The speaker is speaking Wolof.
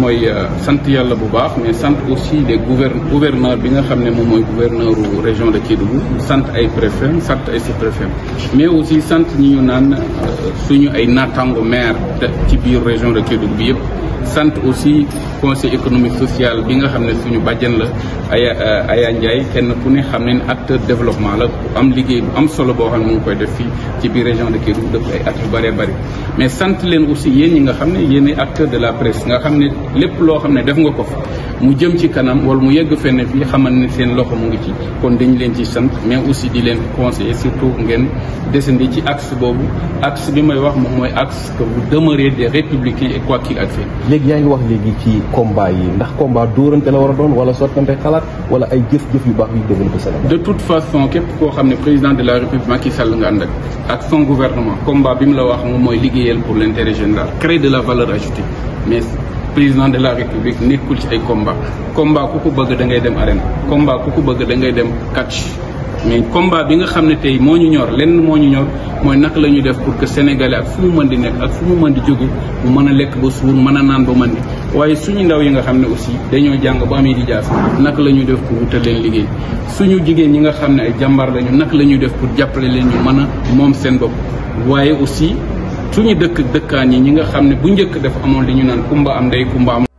mooy euh, sant yàlla bu baax mais sant aussi les gouvern gouverneurs bi nga xam ne moom mooy gouverneur région de Kédougou sant ay préfet sant ay sous-préfet mais aussi sant ñi ñu naan euh, suñu ay naataango maire ci biir région de Kédougou bi yëpp sant aussi conseil économique social bi nga xam ne suñu bàjjen la Aya euh, Aya Ndiaye kenn ku ne xam ne acteur développement la am liggéey bu am solo boo xam ne mu ngi koy def fii ci biir région de Kédougou def ay at yu bëree bëri. mais sant leen aussi yéen ñi nga xam ne yéen acteur de la presse nga xam ne lépp loo xam ne def nga ko fa mu jëm ci kanam wala mu yegg fenn fii xamal ne seen loxo mu ngi ci kon dañu leen ci sant mais aussi di leen conseiller surtout ngeen desandi ci axe boobu axe bi may wax moom mooy axe que vous demeurez des républicains et quoi qu'il advienne léegi yaa wax léegi ci combat yi ndax combat doorante la wara doon wala sottante xalaat wala ay jëf-jëf yu baax yu développé Sénégal. de toute façon képp koo xam ne président de la république Macky Sall nga ànd ak ak son gouvernement combat bi mu la wax moom mooy liggéeyal pour l' intérêt général créer de la valeur ajoutée mais. président de la république nekkul ci ay combat combat ku ko bëgg da ngay dem arène combat ku ko bëgg da ngay dem catch mais combat bi nga xam ne tey moo ñu ñor lenn moo ñu ñor mooy naka la ñuy def pour que sénégalais ak fu mu mën di nekk ak fu mu mën di jóge mu mën a lekk ba suur mën a naan ba mën di waaye suñu ndaw yi nga xam ne aussi dañoo jàng ba amee di jaas naka la ñuy def pour wutal leen liggéey suñu jigéen ñi nga xam ne ay jàmbaar lañu naka la ñuy def pour jàppale leen ñu mën a moom seen bopp waaye aussi suñu dëkk dëkkaan yi ñi nga xam ne bu njëkk def amoon li ñu naan kumba am ndey kumba am